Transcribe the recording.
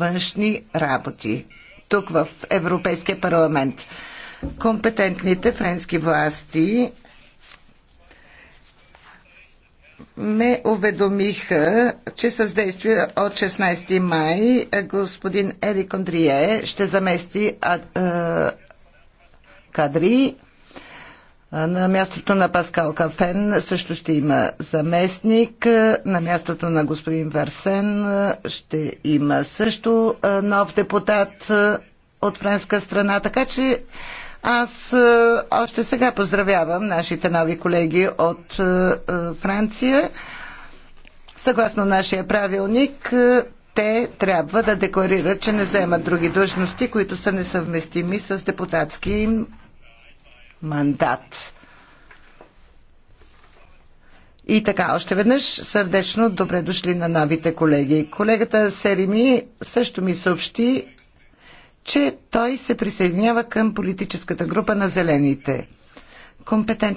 външни работи тук в Европейския парламент. Компетентните френски власти ме уведомиха, че с действие от 16 май господин Ерик Андрие ще замести а, а, е, кадри на мястото на Паскал Кафен също ще има заместник. На мястото на господин Варсен ще има също нов депутат от френска страна. Така че аз още сега поздравявам нашите нови колеги от Франция. Съгласно нашия правилник, те трябва да декларират, че не заемат други длъжности, които са несъвместими с депутатски им мандат. И така, още веднъж сърдечно добре дошли на новите колеги. Колегата Серими също ми съобщи, че той се присъединява към политическата група на зелените. Компетентни